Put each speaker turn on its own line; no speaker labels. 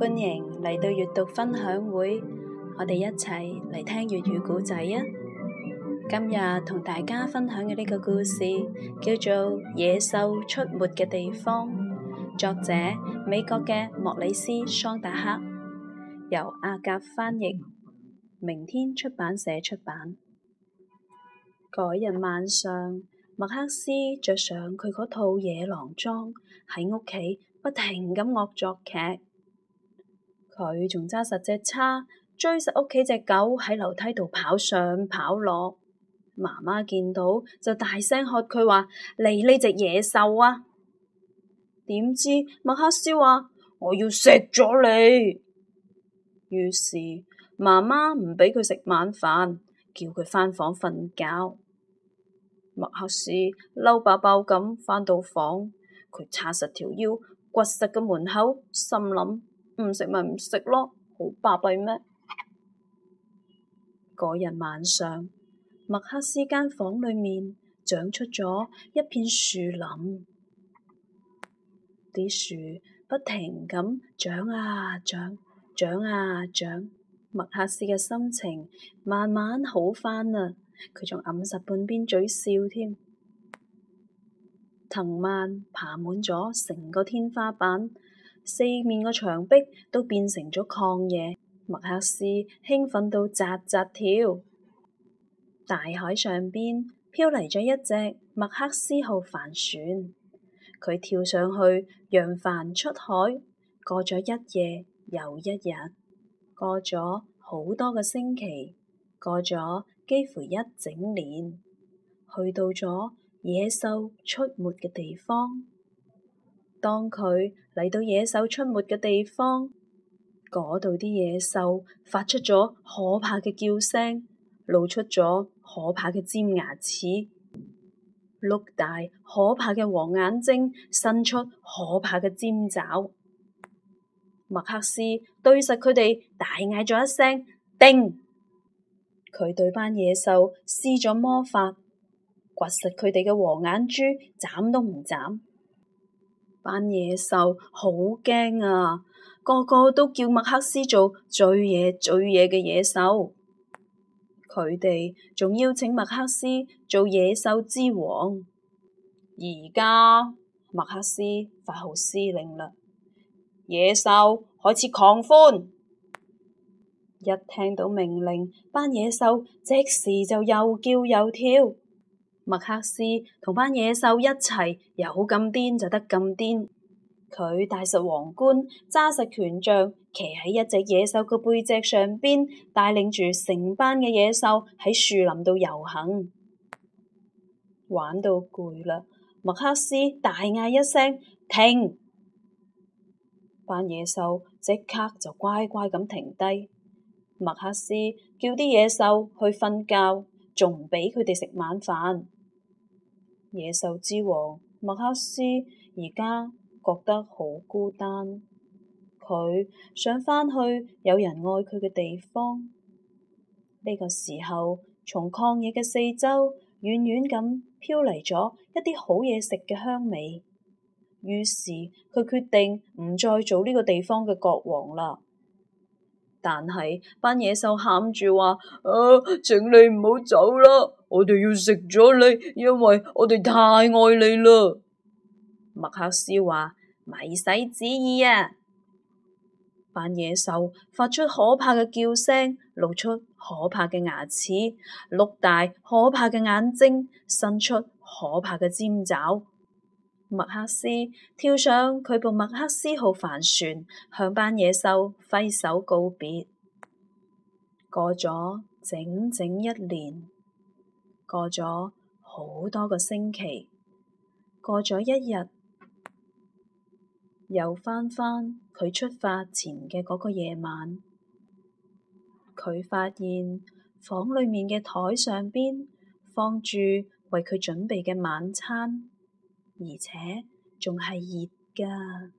歡迎嚟到閱讀分享會，我哋一齊嚟聽粵語故仔啊！今日同大家分享嘅呢個故事叫做《野獸出沒嘅地方》，作者美國嘅莫里斯·桑達克，由阿甲翻譯，明天出版社出版。嗰日晚上，麥克斯着上佢嗰套野狼裝喺屋企不停咁惡作劇。佢仲揸實隻叉，追實屋企隻狗喺樓梯度跑上跑落。媽媽見到就大聲喝佢話：，嚟呢隻野獸啊！點知麥克斯話：我要食咗你。於是媽媽唔俾佢食晚飯，叫佢翻房瞓覺。麥克斯嬲爆爆咁翻到房，佢叉實條腰，掘實個門口，心諗。唔食咪唔食咯，好巴閉咩？嗰日晚上，麥克斯間房裏面長出咗一片樹林，啲樹不停咁長啊，長，長啊，長。麥克斯嘅心情慢慢好翻啦，佢仲揞實半邊嘴笑添。藤蔓爬滿咗成個天花板。四面嘅牆壁都變成咗曠野，麥克斯興奮到扎扎跳。大海上邊飄嚟咗一隻麥克斯號帆船，佢跳上去，揚帆出海。過咗一夜又一日，過咗好多個星期，過咗幾乎一整年，去到咗野獸出沒嘅地方。當佢嚟到野獸出沒嘅地方，嗰度啲野獸發出咗可怕嘅叫聲，露出咗可怕嘅尖牙齒，碌大可怕嘅黃眼睛，伸出可怕嘅尖爪。麥克斯對實佢哋大嗌咗一聲“叮！”佢對班野獸施咗魔法，掘實佢哋嘅黃眼珠，眨都唔眨。班野獸好驚啊！個個都叫麥克斯做最野最野嘅野獸，佢哋仲邀請麥克斯做野獸之王。而家麥克斯發號施令啦，野獸開始狂歡。一聽到命令，班野獸即時就又叫又跳。麥克斯同班野獸一齊，有咁癲就得咁癲。佢戴實皇冠，揸實權杖，騎喺一隻野獸個背脊上邊，帶領住成班嘅野獸喺樹林度遊行，玩到攰啦。麥克斯大嗌一聲停，班野獸即刻就乖乖咁停低。麥克斯叫啲野獸去瞓覺，仲唔俾佢哋食晚飯。野獸之王麥克斯而家覺得好孤單，佢想返去有人愛佢嘅地方。呢個時候，從曠野嘅四周遠遠咁飄嚟咗一啲好嘢食嘅香味，於是佢決定唔再做呢個地方嘅國王啦。但係，班野獸喊住話：啊，請你唔好走啦，我哋要食咗你，因為我哋太愛你啦。麥克斯話：咪使旨意啊！班野獸發出可怕嘅叫聲，露出可怕嘅牙齒，碌大可怕嘅眼睛，伸出可怕嘅尖爪。麥克斯跳上佢部麥克斯號帆船，向班野獸揮手告別。過咗整整一年，過咗好多個星期，過咗一日，又翻返佢出發前嘅嗰個夜晚。佢發現房裏面嘅台上邊放住為佢準備嘅晚餐。而且仲係熱㗎。